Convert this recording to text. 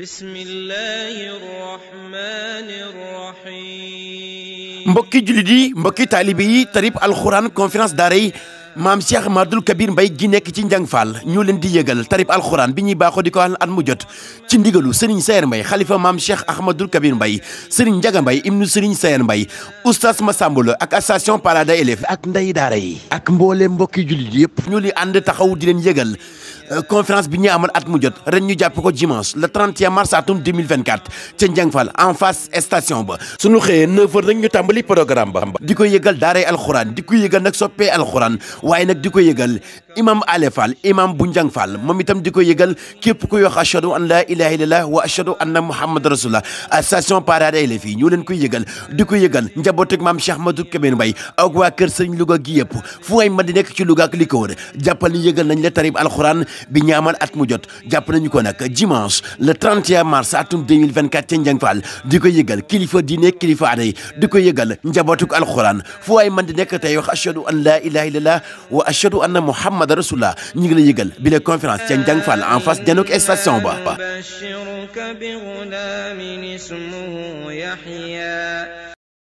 بسم الله الرحمن الرحيم مبكي جلدي مبكي طالبي تريب القران كونفرنس داري مام شيخ مادول كبير باي جي نيك تي نجان فال نيو لين دي ييغال طريب القران بي ني باخو ديكو ان موجوت تي نديغلو سيرين سير ماي خليفه مام شيخ احمد دول كبير باي سيرين جاغا باي ابن سيرين سير باي استاذ مسامبول اك اساسيون بارادا اليف اك نداي داري اك مبولي مبكي جلدي ييب نيو لي اند تاخاو دي لين ييغال Euh, conférence bi ñuy amal at mu jot ren ñu jàpp ko dimanche le 31 mars atum 2024 Njang Fall en face station ba suñu xëyee 9h ñu tàmbali programme ba di ko yëgal daaray alxuraan di ko yëgal nag soppee alxuraan waaye nag di ko yëgal imam Ale Fall imam bu Njang Fall moom itam di ko yëgal képp ku yox ashhadu an la ilaha illallah wa ashhadu anna muhammad rasulullah ah, station parada la fii ñu leen koy yëgal di ko yëgal njaboot maam Cheikh Madou bi ñaamal at mu jot nañu ko dimanche le 31 mars 2024 ca Ndiang Fall di ko yëgal kilifa diine kilifa aday di ko yëgal njabootuk alxuraan fu waay man di nekk tey ashhadu an la ilaha illallah wa ashhadu anna muhammadan rasulullah ñu ngi la bi conférence ca Ndiang Fall en face janok station ba ba